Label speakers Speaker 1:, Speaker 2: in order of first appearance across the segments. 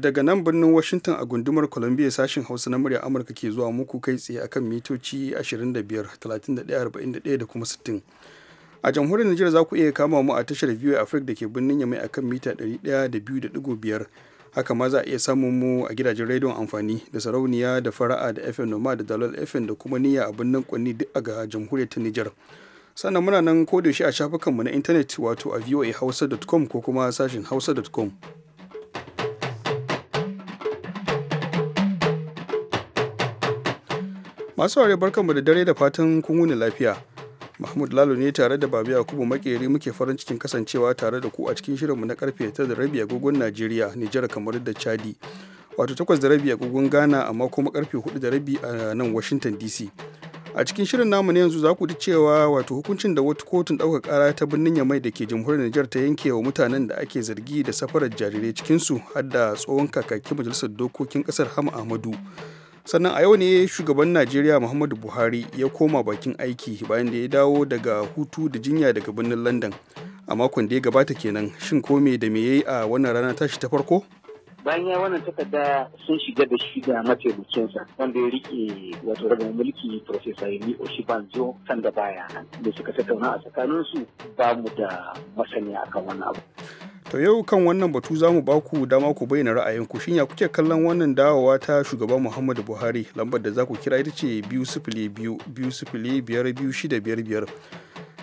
Speaker 1: daga nan birnin Washington a gundumar Columbia sashen Hausa na murya Amurka ke zuwa muku kai tsaye akan mitoci 25, 31, da kuma 60. A jamhuriyar Nijar za ku iya kama mu a tashar view Africa da ke birnin Yamai akan mita 102.5. Haka ma za a iya samun mu a gidajen rediyon amfani da sarauniya da fara'a da FM Noma da Dalol FM da kuma niyya a birnin Kwanni duk a ga jamhuriyar ta Nijar. sannan muna nan ko kodayaushe a shafukanmu na intanet wato a voahausa.com ko kuma sashin hausa.com. masu ware barkanmu da dare da fatan kun wuni lafiya mahmud lalo ne tare da babu yakubu makeri muke farin cikin kasancewa tare da ku a cikin shirinmu na karfe ta da rabi agogon najeriya nijar kamar da chadi wato takwas da rabi agogon ghana amma kuma karfe hudu da rabi a nan washington dc a cikin shirin namu na yanzu za ku ji cewa wato hukuncin da wata kotun ɗaukar ƙara ta birnin yamai da ke jamhuriyar Nijar ta yanke wa mutanen da ake zargi da safarar jarirai cikinsu har da tsohon kakakin majalisar dokokin kasar Hama Ahmadu sannan a yau ne shugaban najeriya muhammadu buhari ya koma bakin aiki bayan da ya dawo daga hutu da jinya daga birnin london a makon da ya gabata kenan shin ko me da me ya yi a wannan rana tashi ta farko bayan ya wannan takarda sun shiga da shi da
Speaker 2: mataimakinsa wanda ya rike wato daga mulki profesa yemi oshibanzo da baya da suka tattauna a tsakaninsu ba mu da masani akan wannan abu
Speaker 1: To yau kan wannan batu za mu baku dama ku bayyana ra'ayinku shin ya kuke kallon wannan dawowa ta shugaban Muhammadu Buhari lambar da za ku kira ita ce biyu sifili biyu biyu sifili biyar biyu shida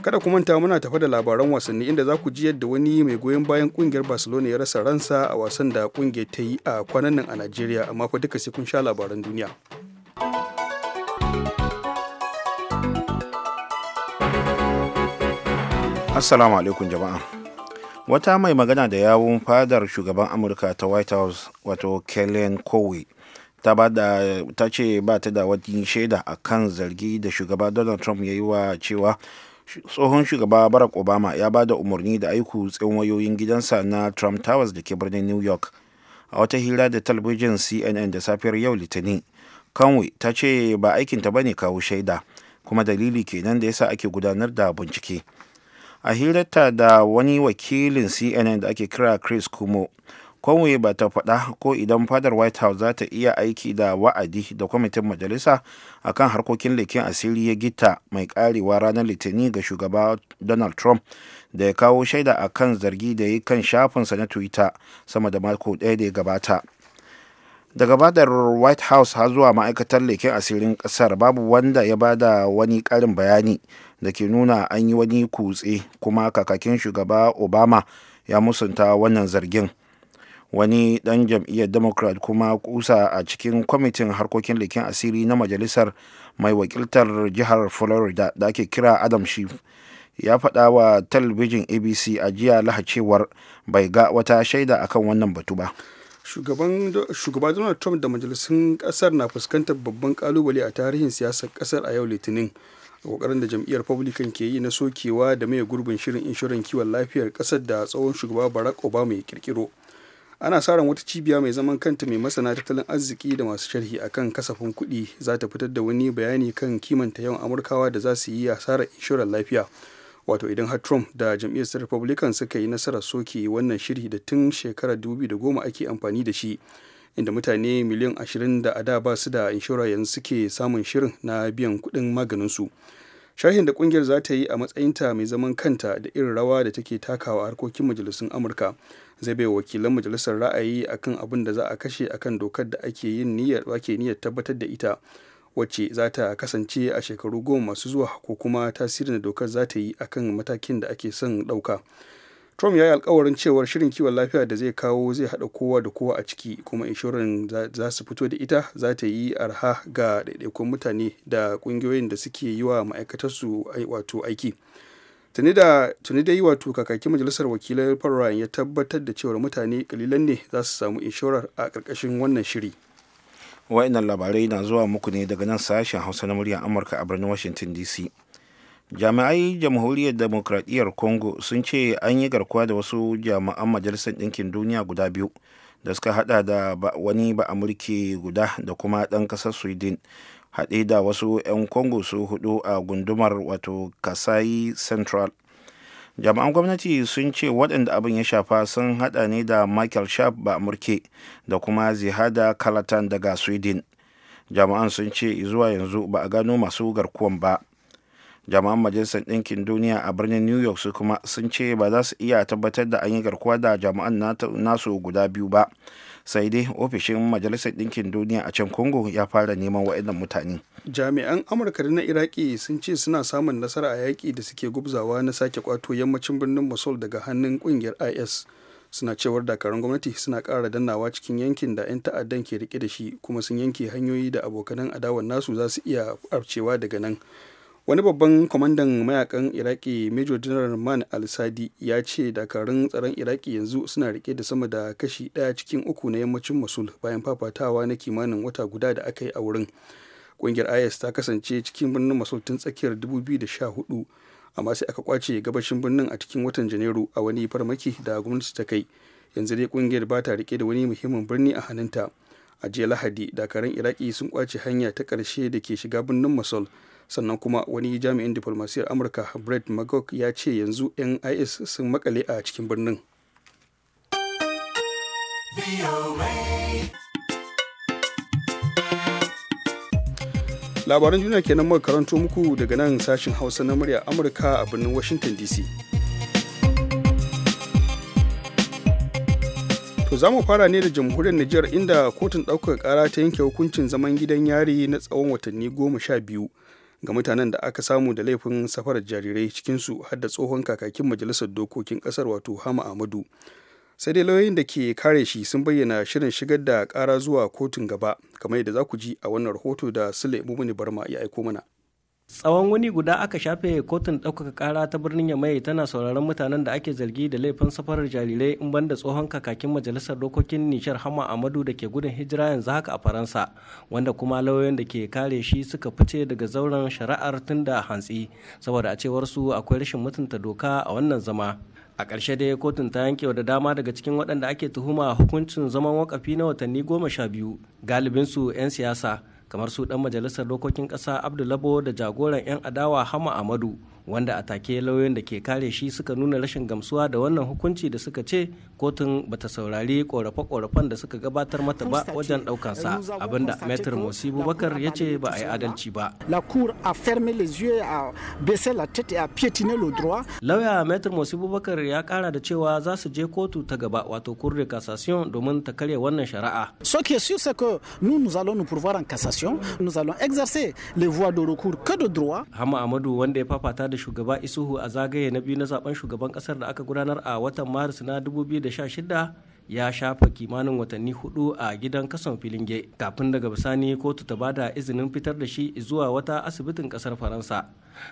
Speaker 1: Kada ku manta muna tafa da labaran wasanni inda za ku ji yadda wani mai goyon bayan kungiyar Barcelona ya rasa ransa a wasan da kungiyar ta yi a kwanan nan a Najeriya amma fa duka sai kun sha labaran duniya.
Speaker 3: Assalamu alaikum jama'a. wata mai magana da yawun fadar shugaban amurka ta white house wato kellen kowe ta ce ba ta da wani shaida a kan zargi da shugaba donald trump ya yi wa cewa tsohon shugaba barack obama ya ba da umarni da aiku tsawon wayoyin gidansa na trump towers da ke birnin new york a wata hira da talabijin cnn da safiyar yau litinin kanwe ta ce ba aikinta ba ne kawo shaida kuma dalili kenan da yasa ake gudanar da bincike a hirarta da wani wakilin cnn da ake kira chris kumo conway ba ta faɗa ko idan fadar white house za ta iya aiki da wa'adi da kwamitin majalisa akan harkokin leken asiri ya gita mai karewa ranar litinin ga shugaba donald trump da ya kawo shaida akan zargi da ya kan shafinsa na twitter sama da mako ɗaya da ya gabata daga badar white house har zuwa ma'aikatar leken asirin kasar babu wanda ya bada wani karin bayani da ke nuna an yi wani kutse kuma kakakin shugaba obama ya musunta wannan zargin wani dan jam'iyyar democrat kuma kusa a cikin kwamitin harkokin leken asiri na majalisar mai wakiltar jihar florida da ake kira adam schiff ya faɗa wa talabijin abc a jiya lahacewar bai ga wata shaida akan wannan batu ba
Speaker 1: shugaba donald trump da majalisun kasar na fuskantar babban kalubale a tarihin siyasar kasar a yau litinin a kokarin da jam'iyyar republican ke yi na sokewa da mai gurbin shirin inshoran kiwon lafiyar kasar da tsohon shugaba barack obama ya kirkiro ana sa ran wata cibiya mai zaman kanta mai masana tattalin arziki da masu sharhi akan kasafin kuɗi za ta fitar da wani bayani kan kimanta yawan amurkawa da za su yi asarar inshorar lafiya wato idan har trump da jam'iyyar republican suka yi nasarar soke wannan shiri da tun shekarar 2010 ake amfani da shi inda mutane miliyan 20 da ada ba su da inshora yanzu suke samun shirin na biyan kuɗin su sharhin da kungiyar za ta yi a matsayinta mai zaman kanta da irin rawa da take takawa harkokin majalisun amurka zai bai wakilan majalisar ra'ayi akan abin da za a kashe akan dokar da ake yin niyyar wake niyyar tabbatar da ita wacce za ta kasance a shekaru goma masu zuwa ko kuma tasirin da dokar za ta yi a kan matakin da ake son ɗauka trump ya yi alkawarin cewar shirin kiwon lafiya da zai kawo zai haɗa kowa da kowa a ciki kuma inshoran za su fito da ita za ta yi arha ga ɗaiɗaikun mutane da ƙungiyoyin da suke yi wa ma'aikatarsu wato aiki tuni da tuni dai wato kakakin majalisar wakilai Ryan ya tabbatar da cewar mutane
Speaker 3: ƙalilan ne za su samu inshorar
Speaker 1: a ƙarƙashin wannan shiri
Speaker 3: wa'in labarai na zuwa muku ne daga nan sashen hausa na muryar amurka a birnin washington dc jami'ai jamhuriyar demokradiyyar congo sun ce an yi garkuwa da wasu jami'an majalisar ɗinkin duniya guda biyu da suka hada da wani ba amurke guda da kuma ɗan ƙasar sweden haɗe da wasu 'yan congo su hudu a gundumar wato kasai central jami'an gwamnati sun ce waɗanda abin ya shafa sun haɗa ne da michael sharp ba murke da kuma zihada kalatan daga sweden jami'an sun ce zuwa yanzu ba a gano masu garkuwan ba jami'an majalisar ɗinkin duniya a birnin new york su kuma sun ce ba za su iya tabbatar da an yi garkuwa da jami'an nasu guda biyu ba sai dai ofishin majalisar ɗinkin duniya a can congo ya fara neman waɗannan mutane
Speaker 1: jami'an amurka da na iraki sun ce suna samun nasara a yaƙi da suke gubzawa na sake kwato yammacin birnin mosul daga hannun ƙungiyar is suna cewar dakarun gwamnati suna ƙara dannawa cikin yankin da 'yan ta'addan ke rike da shi kuma sun yanke hanyoyi da abokanan adawan nasu za su iya arcewa daga nan wani babban kwamandan mayakan iraki major general man al-sadi ya ce dakarun tsaron iraki yanzu suna rike da sama da kashi daya cikin uku na yammacin masul bayan fafatawa na kimanin wata guda da aka yi a wurin kungiyar is ta kasance cikin birnin mosul tun tsakiyar 2014 amma sai aka kwace gabashin birnin a cikin watan janairu a wani farmaki da gwamnati ta kai yanzu dai kungiyar ba ta rike da wani muhimmin birni a hannunta a jiya lahadi dakarun iraki sun kwace hanya ta karshe da ke shiga birnin mosul sannan kuma wani jami'in diplomasiyar amurka brett magog ya ce yanzu 'yan is sun makale a cikin birnin labaran juna kenan muka karanto muku daga nan sashen hausa na murya amurka a birnin washington dc To za mu fara ne da jamhuriyar Nijar inda kotun ɗaukar ƙara ta yanke hukuncin zaman gidan yari na tsawon watanni goma sha biyu ga mutanen da aka samu da laifin safarar jarirai cikinsu har da tsohon kakakin majalisar dokokin kasar wato hama amadu sai dai lauyoyin da ke kare shi sun bayyana shirin shigar da kara zuwa kotun gaba kamar yadda za ku ji a wannan rahoto da sule mumuni barma ya aiko mana
Speaker 4: tsawon wani guda aka shafe kotun ɗaukaka ƙara ta birnin yamai tana sauraron mutanen da ake zargi da laifin safarar jarirai in banda tsohon kakakin majalisar dokokin nishar hama amadu da ke gudun hijira yanzu haka a faransa wanda kuma lauyoyin da ke kare shi suka fice daga zauren shari'ar tun da hantsi saboda a cewar su akwai rashin mutunta doka a wannan zama a ƙarshe dai kotun ta yanke da dama daga cikin waɗanda ake tuhuma hukuncin zaman wakafi na watanni goma sha biyu galibinsu 'yan siyasa kamar su ɗan majalisar dokokin ƙasa abdulabo da jagoran 'yan adawa hama amadu wanda a take lauyoyin da ke kare shi suka nuna rashin gamsuwa da wannan hukunci da suka ce kotun bata saurari korafe-korafen da suka gabatar mata ba wajen sa abinda metro musi bubakar ya ce ba a yi adalci ba lauya metro musi bubakar ya kara da cewa za su je kotu ta gaba wato kurre cassation domin ta karya wannan shari'a
Speaker 5: ce qui est sûr que nous nous allons nous pourvoir en cassation nous allons les voies de recours droit
Speaker 4: hama amadu wanda ya fafata da shugaba isuhu a zagaye na biyu na zaben shugaban kasar da aka gudanar a watan maris na 2016 ya shafa kimanin watanni hudu a gidan kasan filinge kafin daga bisani kotu ta bada izinin fitar da shi zuwa wata asibitin kasar faransa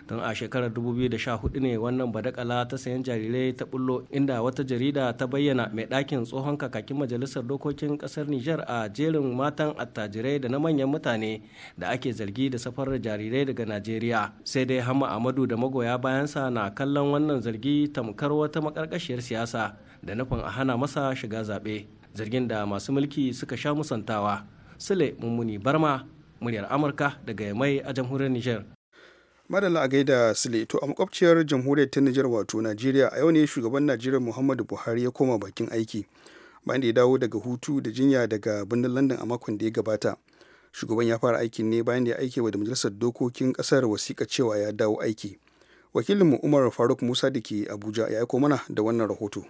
Speaker 4: tun a shekarar 2014 ne wannan badakala ta sayan jarirai ta bullo inda wata jarida ta bayyana mai dakin tsohon kakakin majalisar dokokin kasar niger a jerin matan attajirai da na manyan mutane da ake zargi da safarar jarirai daga najeriya sai dai hama amadu da magoya bayansa na kallon wannan zargi tamkar wata makarkashiyar siyasa da nufin a hana masa shiga zaɓe zargin da masu mulki suka sha musantawa sule mummuni barma muryar amurka daga mai a jamhuriyar niger
Speaker 1: madalla a gaida sule to a makwabciyar jamhuriyar ta niger wato najeriya a yau ne shugaban najeriya muhammadu buhari ya koma bakin aiki bayan da ya dawo daga hutu da jinya daga birnin london a makon da ya gabata shugaban ya fara aikin ne bayan da ya aike wa da majalisar dokokin kasar wasiƙa cewa ya dawo aiki wakilinmu umar faruk musa da ke abuja ya aiko mana da wannan rahoto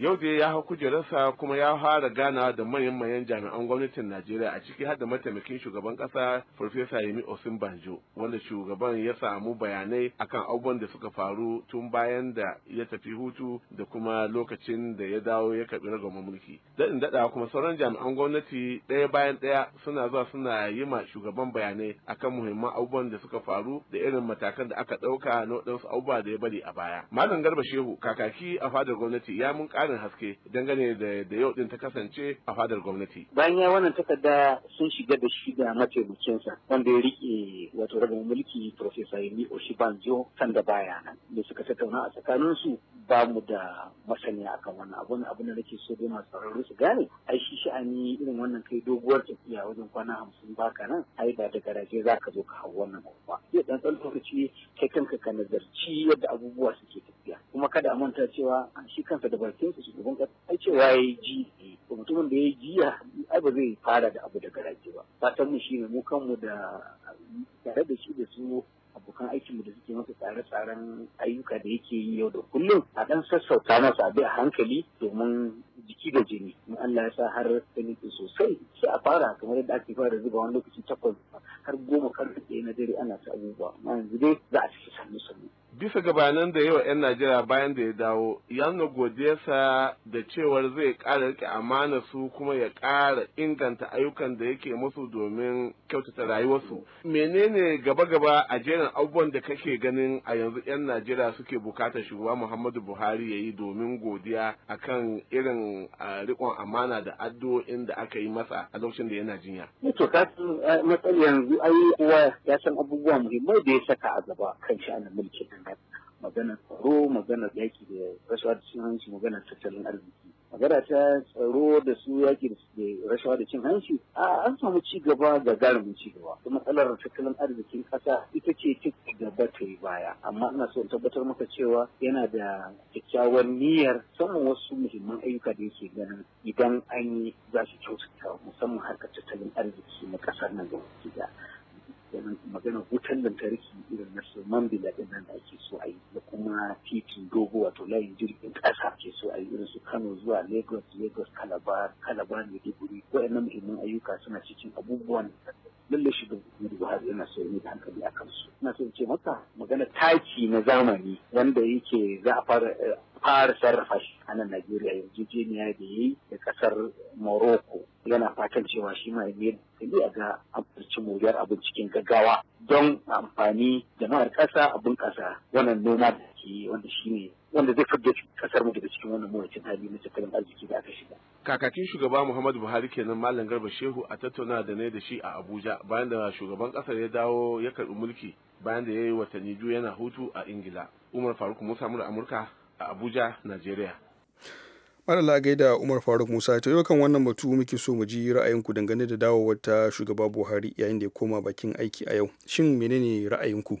Speaker 6: yau dai ya hau kujerarsa kuma ya fara gana da manyan manyan jami'an gwamnatin najeriya a ciki har da mataimakin shugaban kasa farfesa yemi banjo wanda shugaban ya samu bayanai akan abubuwan da suka faru tun bayan da ya tafi hutu da kuma lokacin da ya dawo ya karbi ragama mulki daɗin daɗa kuma sauran jami'an gwamnati ɗaya bayan ɗaya suna zuwa suna yi ma shugaban bayanai akan muhimman abubuwan da suka faru da irin matakan da aka ɗauka na waɗansu abubuwa da ya bari a baya malam garba shehu kakaki a fadar gwamnati ya mun ƙara ƙarin haske dangane da da yau din ta kasance a fadar gwamnati.
Speaker 2: Bayan ya wannan takarda sun shiga da shi da mataimakinsa wanda ya rike wato rabin mulki professor Yemi Oshibanjo kan da baya nan da suka tattauna a su ba mu da masaniya akan wannan abun abin da nake so dai masu tsararru su gane ai shi sha'ani irin wannan kai doguwar tafiya wajen kwana hamsin baka nan ai ba da garaje za ka zo ka hau wannan kuma zai dan tsan lokaci kai kanka ka nazarci yadda abubuwa suke tafiya kuma kada a manta cewa shi kansa da barkin su shugaban kasa ai cewa ya yi ji mutumin da ya yi jiya ai ba zai fara da abu da garaje ba fatan mu shine mu kanmu da tare da shi da su abokan aikinmu da suke masa tsare-tsaren ayyuka da yake yi yau da kullum a ɗan sassauta masa abi a hankali domin jiki da jini in Allah ya sa har ta sosai sai a fara kamar yadda ake fara zuba wani lokaci takwas har goma karfe na dare ana sa abubuwa amma yanzu dai za a ci sannu sannu
Speaker 6: bisa gabanin da yawa 'yan najeriya bayan da ya dawo ya nuna godiyarsa da cewar zai ƙara rike amana su kuma ya ƙara inganta ayyukan da yake musu domin kyautata rayuwarsu menene gaba-gaba a jerin abubuwan da kake ganin a yanzu 'yan najeriya suke bukatar shugaba muhammadu buhari ya yi domin godiya akan irin rikon amana da addu'o'in da aka yi masa a lokacin da yana jinya eh, to
Speaker 2: eh, yanzu ai kowa ya san abubuwa muhimmai da ya saka a gaba kan shi ana mulki. maganar tsaro maganar yaki da rashawa da cin hanci maganar tattalin arziki magana ta tsaro da su yaki da rashawa da cin hanci a an samu ci gaba ga garamin ci gaba kuma matsalar tattalin arzikin kasa ita ce ta gaba ta yi baya amma ina so in tabbatar maka cewa yana da kyakkyawar niyyar samun wasu muhimman ayyuka da yake ganin idan an yi za su kyautata musamman harkar tattalin arziki na kasar nan gaba magana wutar lantarki irin na su man bila nan da ake so a yi da kuma titin dogo wato layin jirgin ƙasa ke so a yi irin su Kano zuwa Lagos Lagos Calabar Calabar Maiduguri waɗannan muhimman ayyuka suna cikin abubuwan lalle shi da Buhari yana so ne da hankali a kansu ina so ce maka magana taki na zamani wanda yake za a fara eh, sarrafa shi a nan Najeriya yarjejeniya da yi da kasar Morocco yana fatan cewa shi ma ne da ga amfani moriyar abin cikin gaggawa don amfani jama'ar ƙasa a ƙasa wannan noma da ke
Speaker 6: yi, wanda shi ne.
Speaker 2: wanda zai fidda kasar mu daga cikin wannan mawacin hali na tattalin arziki da aka shiga.
Speaker 6: Kakakin shugaba Muhammadu Buhari kenan Malam Garba Shehu a tattauna da ne da shi a Abuja bayan da shugaban kasar ya dawo ya karbi mulki bayan da ya yi watanni biyu yana hutu a Ingila. Umar Faruk Musa mura Amurka a Abuja, Najeriya.
Speaker 1: Madalla gaida Umar Faruk Musa ta yau kan wannan batu muke so mu ji ra'ayinku dangane da dawowar ta shugaba Buhari yayin da ya koma bakin aiki a yau. Shin menene ra'ayinku?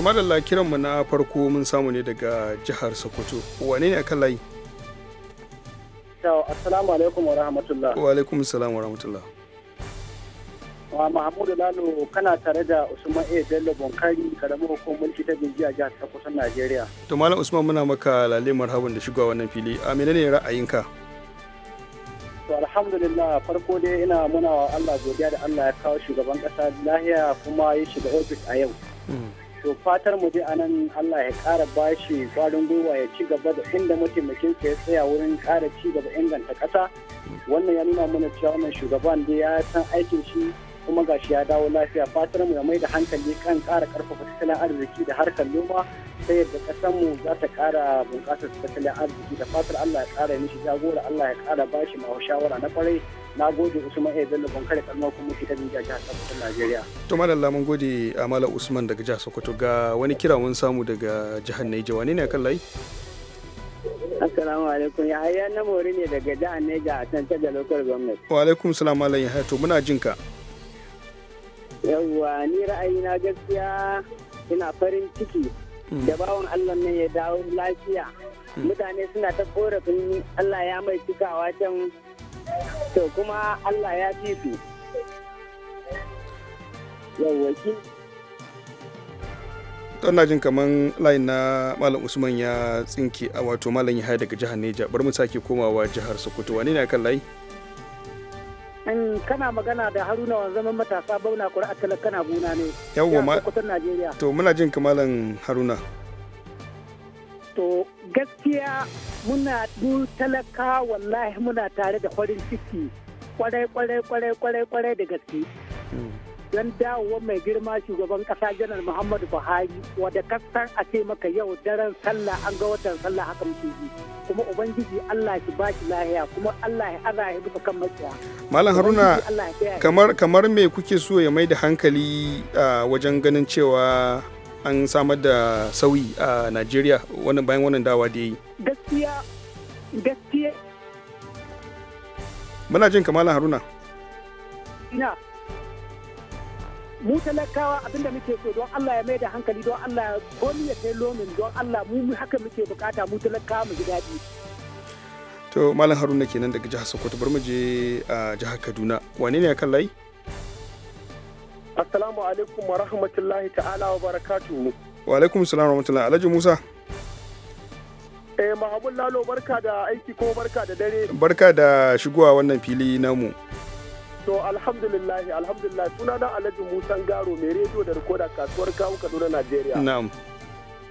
Speaker 1: kuma da kiranmu na farko mun samu ne daga jihar sokoto wane ne akan layi
Speaker 5: assalamu alaikum wa rahmatullah
Speaker 7: wa
Speaker 1: alaikum assalam wa rahmatullah
Speaker 5: wa mahmudu lalo kana tare da usman a bello bonkari karamin hukumar mulki ta binji a jihar sokoto najeriya
Speaker 1: to malam usman muna maka lalle marhaban da shigowa wannan fili a menene ra'ayinka
Speaker 5: to alhamdulillah farko dai ina muna wa Allah godiya da Allah ya kawo shugaban kasa lahiya kuma ya shiga ofis a yau hmm. to fatar mu dai anan Allah ya ƙara bashi kwarin gwiwa ya ci gaba da inda mataimakinsa ya tsaya wurin kara ci gaba inganta ƙasa wannan ya nuna mana cewa wannan shugaban da ya san aikin shi kuma gashi ya dawo lafiya fatar mu ya mai da hankali kan ƙara ƙarfafa tattalin arziki da harkar noma ta yadda ƙasar mu za ta ƙara bunƙasar tattalin arziki da fatar Allah ya kara mishi jagora Allah ya ƙara bashi ma shawara na kwarai na gode usman a bello ban kare kalmar kuma ita ne jihar sokoto najeriya
Speaker 1: to madalla mun gode a malam usman daga jihar sokoto ga wani kira mun samu daga jihar naija wani ne kan layi
Speaker 5: Assalamu alaikum ya hayya na mori ne daga jihar naija a can da local gwamnati.
Speaker 1: Wa alaikum salam malam ya to muna jin ka.
Speaker 5: Yawwa ni ra'ayina gaskiya ina farin ciki hmm. da bawon Allah nan ya dawo lafiya. Hmm. Mutane suna ta korafin Allah ya mai cikawa can to kuma Allah ya fi su
Speaker 1: Don na jin kaman layin na malam usman ya tsinke a wato malam ya daga jihar neja bari mu sake komawa jihar sokoto wani ne kan layi
Speaker 5: kana magana da haruna zaman matasa bauna kuri'a talakana gona ne yawwa ma
Speaker 1: to muna jin kamalan haruna
Speaker 5: to gaskiya muna du talaka wallahi muna tare da farin ciki kwarai kwarai kwarai kwarai kwarai da gaske don dawowa mai girma shugaban kasa janar muhammadu buhari wadda kasan a ce maka yau daren sallah an ga watan sallah haka muke yi kuma ubangiji allah shi ba shi lahiya kuma allah ya ara ya bisa kan maciya malam haruna kamar
Speaker 1: kamar me kuke so ya mai da hankali ah, wajen ganin cewa an samar da sauyi a najeriya wannan bayan wannan dawa da yi
Speaker 5: gaskiya gaskiya
Speaker 1: muna jin kamala haruna
Speaker 5: ina mu talakawa abinda muke so don Allah ya mai da hankali don Allah komi ya kai lomin don Allah mu haka muke bukata mu talakawa mu ji daɗi
Speaker 1: to malam haruna kenan daga jihar sokoto bari mu je a jihar kaduna wane ne ya kan layi
Speaker 7: Assalamu alaikum wa rahmatullahi ta'ala wa barakatuhu.
Speaker 1: Wa alaikum salam wa rahmatullahi Alhaji Musa.
Speaker 7: Eh Mahamud Lalo barka da aiki ko barka da dare.
Speaker 1: Barka da shigowa wannan fili namu.
Speaker 7: To alhamdulillah alhamdulillah sunana Alhaji Musa Garo mai rediyo da rikoda kasuwar kawo Kaduna Najeriya. Na'am.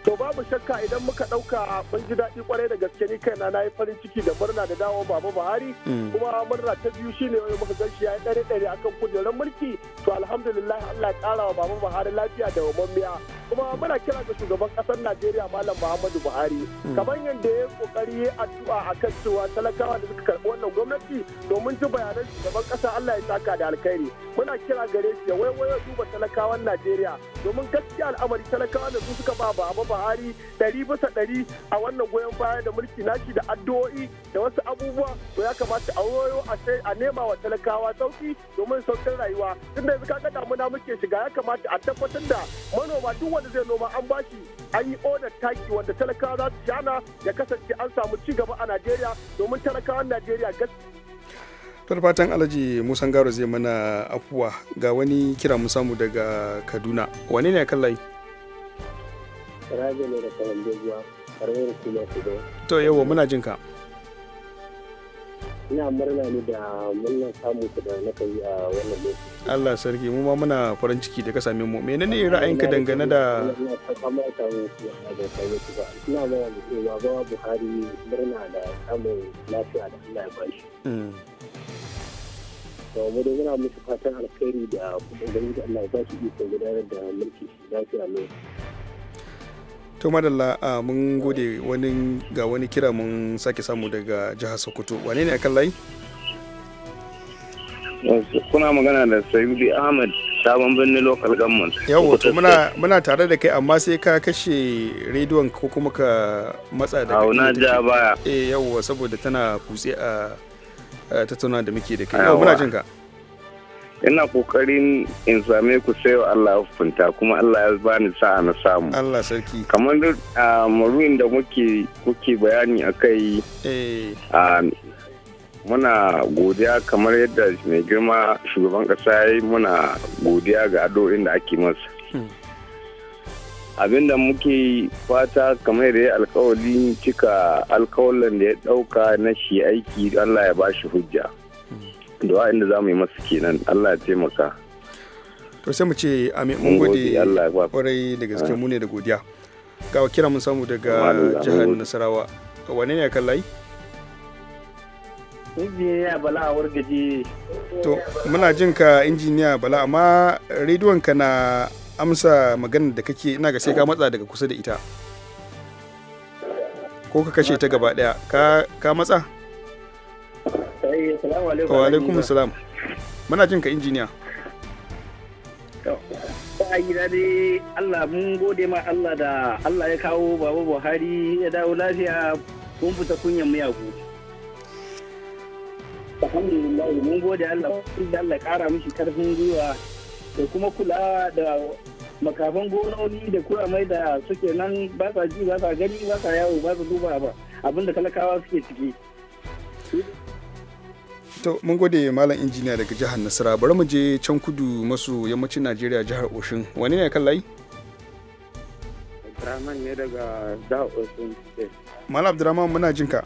Speaker 7: To babu shakka idan muka ɗauka mun ji daɗi kwarai da gaske ni kaina na yi farin ciki da murna da dawo baba Buhari mm. kuma murna ta biyu shine wai muka gan shi ya yi ɗare dare akan kujerar mulki to alhamdulillah Allah ƙara wa baba Buhari lafiya da wamammiya kuma muna kira ga shugaban ƙasar Najeriya Malam Muhammadu Buhari mm. kamar yadda ya kokari addu'a akan cewa talakawa da suka karɓi wannan gwamnati domin ji bayanan shugaban ƙasa Allah ya saka da alkhairi muna kira gare shi ya waiwayo duba talakawan Najeriya domin gaskiya al'amari talakawa da su suka ba baba buhari ɗari bisa ɗari a wannan goyon baya da mulki nashi da addu'o'i da wasu abubuwa to ya kamata a wayo a nema wa talakawa sauki domin sauƙin rayuwa tunda yanzu ga damuna muke shiga ya kamata a tabbatar da manoma duk wanda zai noma an bashi an yi odar taki wanda talakawa za su shana ya kasance an samu ci gaba a najeriya domin talakawan najeriya
Speaker 1: gaskiya alhaji musan garo zai mana afuwa ga wani kira mu daga kaduna wane ne a kan layi
Speaker 5: ne da kuma
Speaker 1: To yawo muna jin ka.
Speaker 5: Ina murna ne da muna samu ku da na kai a wannan lokaci.
Speaker 1: Allah sarki mu ma muna farin ciki da ka same mu. Menene ra'ayinka dangane da
Speaker 5: Ina ma da Baba Buhari murna da samun lafiya da Allah ya bashi. to mu da muna musu fatan alkhairi da da Allah ya ba
Speaker 2: shi iko gudanar da mulki lafiya ne
Speaker 1: to madalla a ah, mun gode wani ga wani kira mun sake samu daga jihar sokoto wane ne akan layi kuna magana da sayudi ahmed sabon birnin local government yawo to muna muna tare da kai amma sai ka kashe rediyon ko kuma ka matsa da kai na ja baya eh yawo saboda tana kutse a tattauna da muke da kai yawo muna jin ka ina kokarin in same ku sai Allah ya hukunta kuma Allah ya bani sa'a na samu Allah sarki kamar da maruin da muke kuke bayani akai eh muna godiya kamar yadda mai girma shugaban kasa yayi muna godiya ga ado inda ake masa hmm. abinda muke fata kamar da
Speaker 7: ya alkawalin cika alkawalin da ya dauka na shi aiki Allah ya bashi hujja du'a inda za mu yi masu kenan Allah ya taimaka
Speaker 1: to sai mu ce amin mun gode kwarai da gaske ah. mu ne da godiya ga kira mun samu daga jihar Nasarawa wane ne ka layi
Speaker 5: injiniya
Speaker 7: bala a wargaji to
Speaker 1: muna jin ka injiniya bala amma rediyon ka na amsa maganar da kake ina ga sai ka matsa daga kusa da ita ko ka kashe ta gaba daya ka matsa
Speaker 5: Wa
Speaker 7: alaikum salam.
Speaker 1: Muna jin ka injiniya.
Speaker 5: gida dai Allah mun gode ma Allah da Allah ya kawo Baba Buhari ya dawo lafiya Kun fita kunyan miyagu. Alhamdulillah mun gode Allah da Allah kara mishi karfin gwiwa da kuma kula da makafan gononi da kura mai da suke nan ba sa ji ba sa gani ba sa yawo ba sa duba ba abinda talakawa suke ciki.
Speaker 1: to mun gode malam injiniya daga jihar nasara bari mu je can kudu masu yammacin najeriya jihar oshin wani ne kan layi
Speaker 2: abdurrahman ne daga jihar oshin
Speaker 1: malam abdurrahman muna jin ka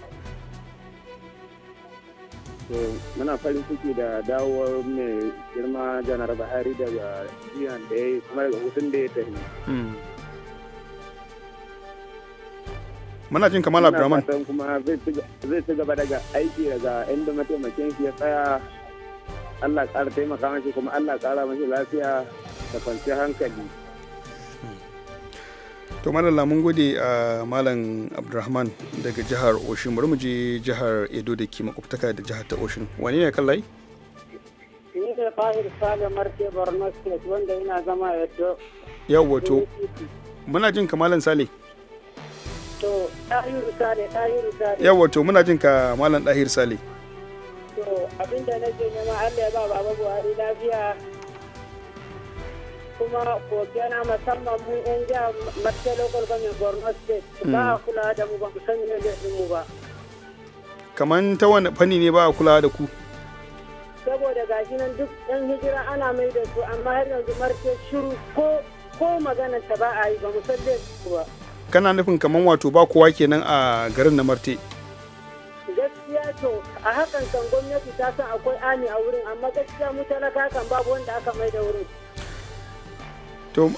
Speaker 7: muna farin ciki da dawowar mai girma janar bahari daga jiyan da ya yi kuma daga hutun da ya tafi
Speaker 1: hmm. muna jin kamar abdurrahman rahman.
Speaker 7: kuma zai ci gaba daga aiki daga inda mataimakin shi ya tsaya allah ƙara taimaka mashi kuma allah ƙara mashi lafiya da
Speaker 2: kwanciyar hankali
Speaker 1: to malalla mun gode a ah, malam abdurrahman daga jihar oshin bari mu je jihar edo da ke makwabtaka da jihar ta oshin wani ne kallai
Speaker 5: ni da fahir salim marke borno state wanda ina zama edo
Speaker 1: yau wato muna jin kamalan sale
Speaker 5: to ɗahiru sale ɗahiru sale yawa
Speaker 1: to muna jin ka malam ɗahiru sale
Speaker 5: to abinda na je nema Allah ya ba baba Buhari lafiya kuma ko gana musamman mu yan ja mace local government Borno state mm. ba a kula da mu ba mu san yadda mu ba
Speaker 1: kaman ta wani fanni ne ba a kula da ku
Speaker 5: saboda gashi nan duk yan hijira ana mai da su amma har yanzu marke shiru ko ko magana ta ba a yi ba mu san ba
Speaker 1: kana nufin kaman wato ba kowa kenan a garin na marte
Speaker 5: gaskiya to a hakan kan gwamnati ta san akwai ani a wurin amma gaskiya mu talaka kan babu wanda aka mai da wurin
Speaker 1: to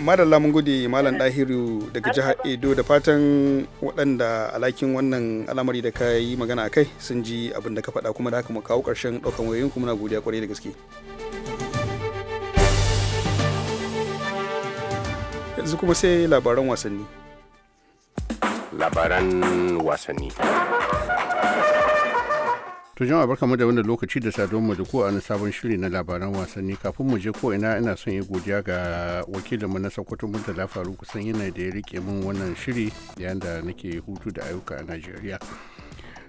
Speaker 1: madalla mun gode malam dahiru daga jihar edo da fatan waɗanda alakin wannan al'amari da ka yi magana a kai sun ji abin da ka faɗa kuma da haka mu kawo ƙarshen ɗaukan wayoyin kuma na godiya kwarai da gaske. yanzu kuma sai labaran wasanni labaran wasanni to
Speaker 8: jama'a mu da wannan lokaci da saduwar mu da ku a sabon shiri na labaran wasanni kafin mu je ko ina ina son yi godiya ga wakilin mu na Sokoto ta Faru kusan yana da ya rike min wannan shiri yayin da nake hutu da ayyuka a Najeriya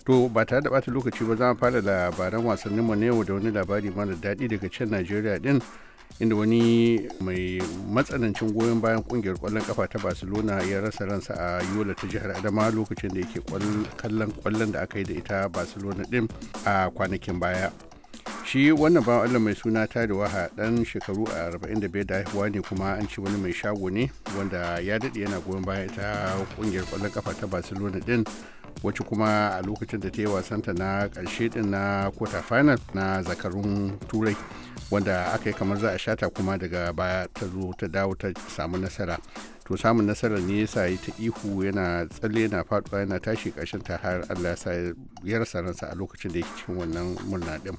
Speaker 8: to ba tare da bata lokaci ba za mu fara labaran wasannin mu ne da wani labari mara daɗi daga can Najeriya din inda wani mai matsanancin goyon bayan kungiyar kwallon kafa ta barcelona ya rasa ransa a yola ta jihar adama lokacin da yake kallon kwallon da aka yi da ita barcelona din a kwanakin baya shi wannan bawan allah mai suna ta da waha dan shekaru a 45 da haihuwa ne kuma an ci wani mai shago ne wanda ya daɗe yana goyon bayan ita kungiyar kwallon kafa ta barcelona din wacce kuma a lokacin da ta yi wasanta na ƙarshe din na quarter final na zakarun turai wanda aka yi kamar za a shata kuma daga baya ta zo ta dawo ta samu nasara to samun nasara ne ya yi ta ihu yana tsalle yana faduwa yana tashi ƙarshen ta har allah ya rasa ransa a lokacin da yake cikin wannan murna din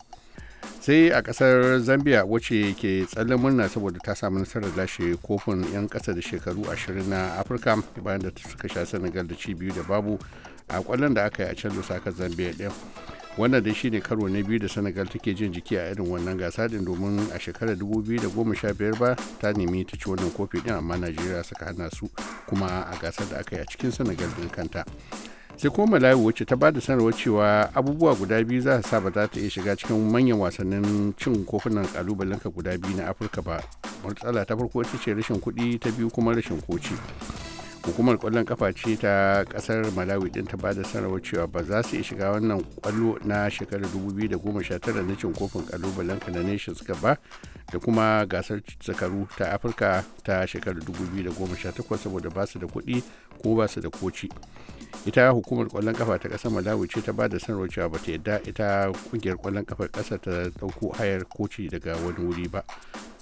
Speaker 8: sai a kasar zambia wacce ke tsallen murna saboda ta samu nasarar lashe kofin 'yan kasa da shekaru 20 na afirka bayan da suka sha senegal da ci biyu da babu a kwallon da aka yi a can lusaka zambia ɗin wannan dai shine karo na biyu da senegal take jin jiki a irin wannan gasa din domin a shekarar 2015 ba ta nemi ta ci wannan kofi din amma najeriya suka hana su kuma a gasar da aka yi a cikin senegal din kanta sai kuma malawi wacce ta bada sanarwar cewa abubuwa guda biyu za sa ba za ta iya shiga cikin manyan wasannin cin kofunan kalubalen ka guda biyu na afirka ba matsala ta farko ita ce rashin kuɗi ta biyu kuma rashin koci hukumar kwallon kafa ce ta kasar malawi din ta bada sanarwar cewa ba za su shiga wannan kwallo na shekarar 2019 na cin kofin kalubalen na nations cup ba da kuma gasar zakaru ta afirka ta shekarar 2018 saboda ba su da kuɗi ko ba su da koci ita hukumar kwallon kafa ta kasar malawi ce ta ba da sanarwar cewa ba ta yadda ita kungiyar kwallon kafar kasar ta dauko hayar koci daga wani wuri ba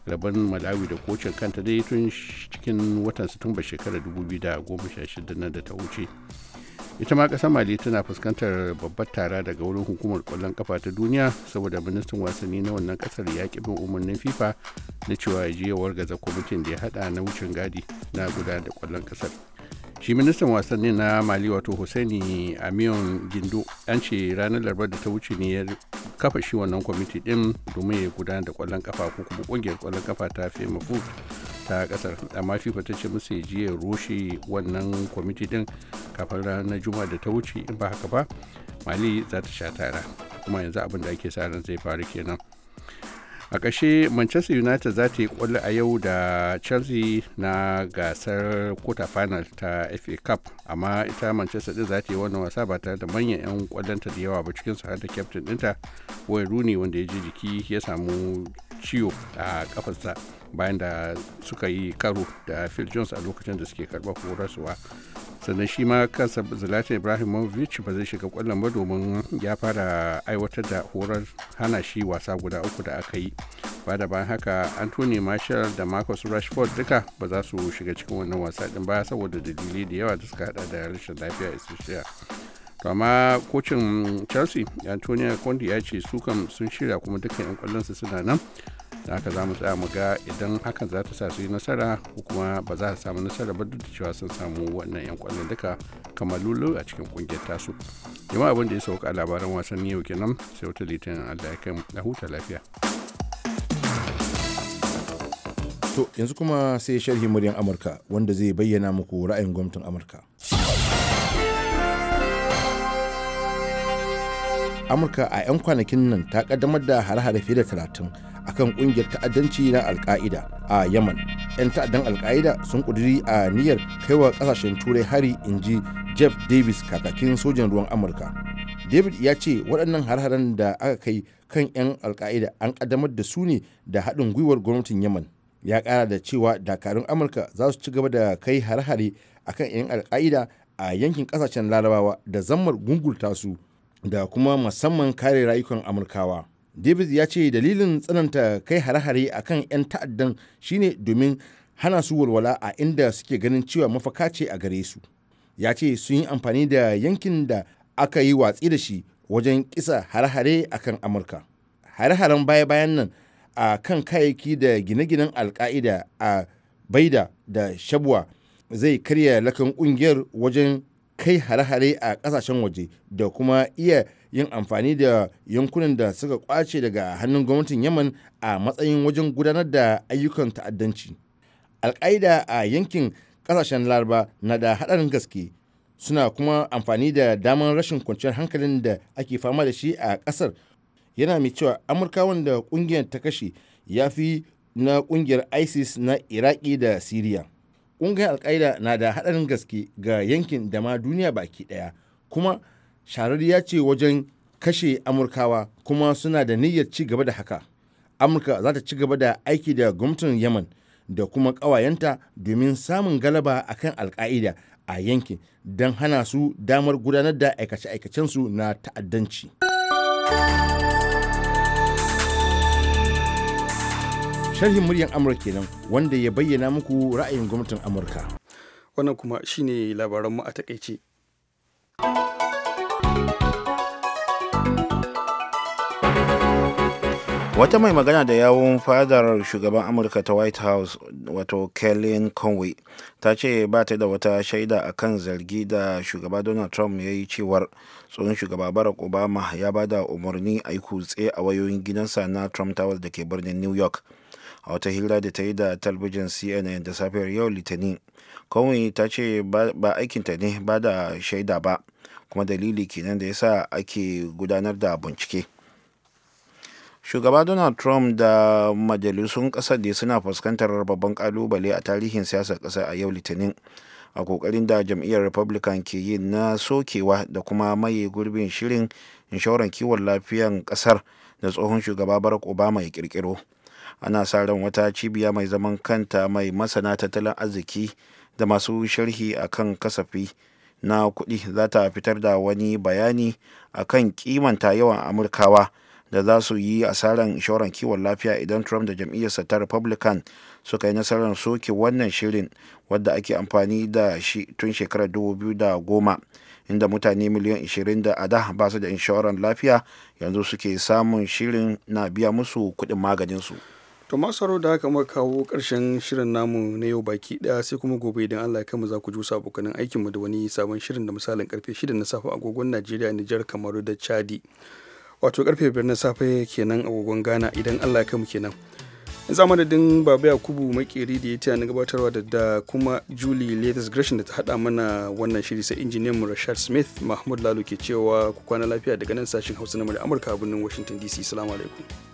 Speaker 8: rabon malawi da kocin kanta dai tun cikin watan satumba shekarar 2016 nan da ta wuce ita ma kasar mali tana fuskantar babbar tara daga wurin hukumar kwallon kafa ta duniya saboda ministan wasanni na wannan kasar ya ki bin umarnin fifa na cewa ya gaza kwamitin da ya hada na wucin gadi na gudanar da kwallon kasar shi ministan wasanni na mali wato husaini amiyon gindo an ce ranar larabar da ta wuce ne ya kafa shi wannan kwamiti din domin ya gudanar da kwallon kafa ko kuma kungiyar kwallon kafa ta fema ta kasar amma fifa ta ce musu ya rushe wannan kwamiti din kafin ranar juma'a da ta wuce in ba haka ba mali za ta sha tara kuma yanzu abin da ake sa ran zai faru kenan a ƙashe manchester united za ta yi ƙwallo a yau da chelsea na gasar quarter final ta fa cup amma ita manchester din za ta yi wannan wasa ba tare da manyan 'yan ƙwallonta da yawa ba su har da captain ɗinta wayne rooney wanda ya ji jiki ya samu ciwo a kafarsa bayan da suka yi karo da phil jones a lokacin da suke karɓar horarsuwa sannan shi ma kansa zlatan ibrahimovic ba zai shiga kwallon ba domin ya fara aiwatar da horar hana shi wasa guda uku da aka yi ba da bayan haka anthony marshall da marcus rashford duka ba za su shiga cikin wannan wasa din ba saboda dalili da yawa da suka hada da rashin lafiya isishiya to amma kocin chelsea antonio conte ya ce su kam sun shirya kuma dukkan yan kwallon su suna nan da haka za mu tsaya mu ga idan hakan za ta sa su yi nasara ko kuma ba za su samu nasara ba duk da cewa sun samu wannan 'yan kwallon duka kamar lulu a cikin kungiyar tasu jama'a abin da ya sauka a labaran wasanni yau kenan sai wata litinin allah ya kai na huta lafiya
Speaker 9: to yanzu kuma sai sharhi muryan amurka wanda zai bayyana muku ra'ayin gwamnatin amurka amurka a 'yan kwanakin nan ta kaddamar da hare-hare fiye da talatin akan kungiyar ta'addanci na alka'ida a yaman yan ta'addan alka'ida sun kuduri a niyyar kaiwa kasashen turai hari in ji jeff davis kakakin sojan ruwan amurka david ya ce waɗannan har da aka kai kan 'yan alka'ida an ƙaddamar da su ne da haɗin gwiwar gwamnatin yaman ya ƙara da cewa dakarun amurka za su ci gaba da kai har-hare akan 'yan alka'ida a yankin ƙasashen larabawa da zammar gungulta su da kuma musamman kare rayukan amurkawa davis ya ce dalilin tsananta kai hare-hare a kan 'yan ta'addan shine domin hana su walwala a inda suke ganin cewa mafaka ce a gare su ya ce sun yi amfani da yankin da aka yi watsi da shi wajen kisa hare-hare a kan amurka hare-haren baya-bayan nan a kan kayayyaki da gine-ginen alka'ida a baida da shabuwa zai karya lakan kungiyar wajen kai hare-hare a kasashen waje da kuma iya yin amfani da yankunan da suka kwace daga hannun gwamnatin yaman a matsayin wajen gudanar da ayyukan ta'addanci alƙaida a yankin ƙasashen laraba na da haɗarin gaske suna kuma amfani da damar rashin kwanciyar hankalin da ake fama da shi a ƙasar yana mai cewa Amurka, wanda ƙungiyar ta kashe ya fi na ƙungiyar isis na iraki da siriya ƙungiyar alƙaida na da haɗarin gaske ga yankin da ma duniya baki ɗaya kuma ya ce wajen kashe amurkawa kuma suna da niyyar ci gaba da haka amurka za ta ci gaba da aiki da gwamnatin yaman da kuma ƙawayenta domin samun galaba akan alka'ida a yankin don hana su damar gudanar da aikace-aikacensu na ta'addanci. sharhin muryar amurka kenan wanda
Speaker 1: ya bayyana muku ra'ayin gwamnatin amurka wannan kuma shine labaranmu a takaice.
Speaker 3: wata mai magana da yawon fadar shugaban amurka ta white house wato kellyn conway ta ce ba ta da wata shaida a kan zargi da shugaba donald trump ya yi cewar tsohon shugaba barack obama ya ba da umarni a yi kutse a wayoyin gidansa na trump tower da ke birnin new york a wata hira da ta yi da talbijin cnn da safiyar yau litani conway ta ce ba aikinta ne ba da shaida ba kuma dalili kenan da yasa ake gudanar da bincike. shugaba donald trump da majalisun kasar da suna fuskantar babban kalubale a tarihin siyasar kasa a yau litinin a kokarin da jam'iyyar republican ke yi na sokewa da kuma maye gurbin shirin inshoran kiwon lafiyan kasar da tsohon shugaba barack obama ya kirkiro ana sa ran wata cibiya mai zaman kanta mai masana tattalin arziki da masu sharhi akan kasafi na kuɗi za ta fitar da wani bayani a akan kimanta yawan amurkawa da za su yi asarar inshorar kiwon lafiya idan trump da jam'iyyarsa ta republican suka yi nasarar soke wannan shirin wadda ake amfani da shi tun shekarar 2010 inda mutane miliyan 20 da ada ba su da inshoran lafiya yanzu suke samun shirin na biya musu kuɗin maganinsu
Speaker 1: to masaro da haka muka kawo ƙarshen shirin namu na yau baki daya sai kuma gobe idan allah kama za ku ji wasu aikin aikinmu da wani sabon shirin da misalin karfe 6 na safe agogon najeriya nijar kamaru da chadi wato karfe biyar na safe kenan a gogon ghana idan allah ya kai mu kenan in zama da din baba yakubu makeri da ya taya na gabatarwa da da kuma julie latest gresham da ta hada mana wannan shiri sai injiniyan mu rashad smith mahmud lalu ke cewa ku kwana lafiya daga nan sashen hausa na amurka a birnin washington dc salamu alaikum